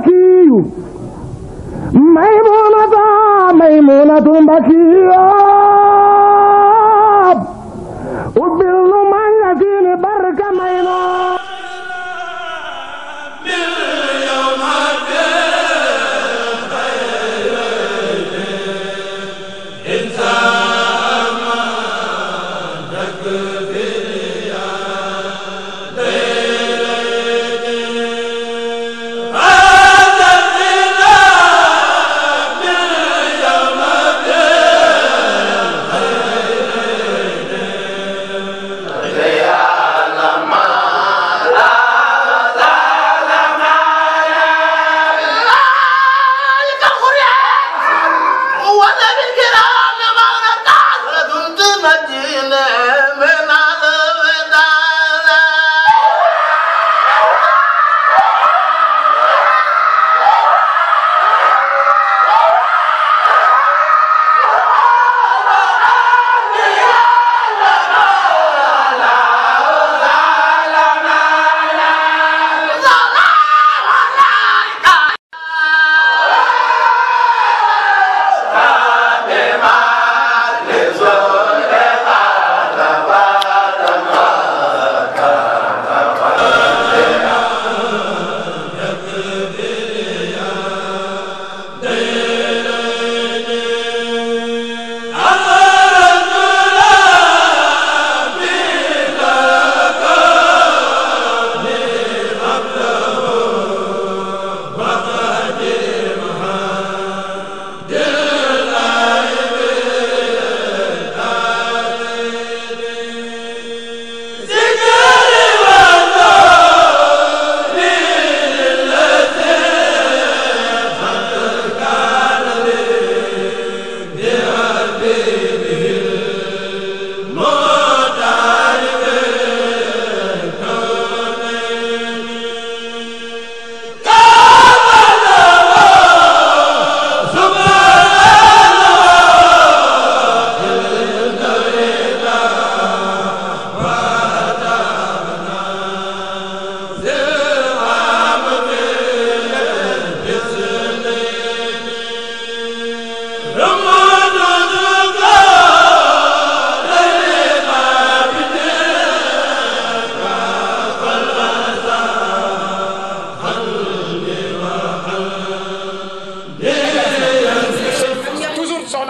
Mbackiyu Maymunata Maymunatu Mbackiyu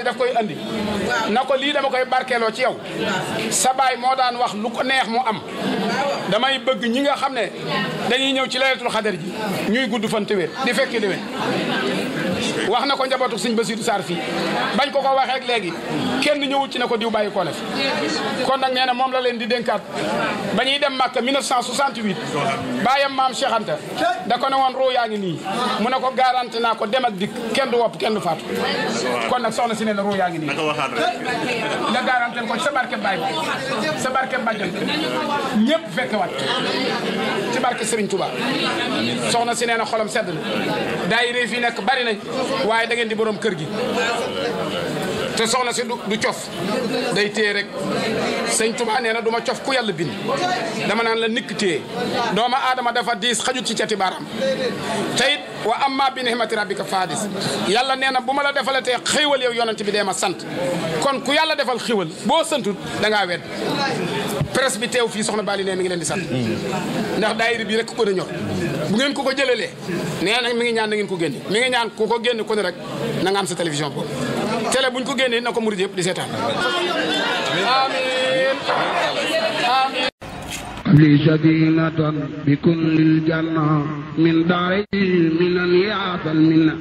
ni daf koy andi na ko lii dama koy barkeeloo ci yow sa baay moo daan wax lu ko neex mu am damay bëgg ñi nga xam ne dañuy ñëw ci laylatul xadar ji ñuy gudd fan te wér di fekki déwén wax na ko njabootu sëñ Basiru Sarr fii bañ ko ko waxee ak léegi kenn ñëwul ci ne ko diw bàyyi koo def kon nag nee na moom la leen di dénkaat ba ñuy dem Màkka 1968 bàyyam maam Cheikh Anta da ko ne woon ruu yaa ngi nii mu ne ko garanti naa ko dem ak dikk kenn du wopp kenn du kon nag ne la roo yaa ngi nii. naka waxaat rek. nga garantel ko sa barke sa barke Mbadiane ñëpp fekkewaat ci barke Serigne Touba soxna si nee na xolam sedd na daayira fii nekk bari nañ waaye da ngeen di borom kër gi. te soxna si du cof day téye rek sëñ Tuba nee na du cof ku yàlla bind dama naan la nikk téye dooma aadama dafa diis xajut ci cati baaraam te it wa amma bi nihmati rabbika fadis yàlla nee na bu ma la defalatee xéewal yow yonent bi dee ma sant kon ku yàlla defal xéewal boo santut danga ngaa wedd presse bi teew fii soxna Bali ne mi ngi leen di sant ndax daayira bi rek ku ko da ñor bu ngeen ko ko jëlalee nee na mi ngi ñaan na ngeen ko génne mi ngi ñaan ku ko génne ku rek na am sa télévision boobu télé buñ ko génnee na ko murid yëpp di seetaan amiin amiin li sadinatan bi kun lil janna min daari minan yaasal minna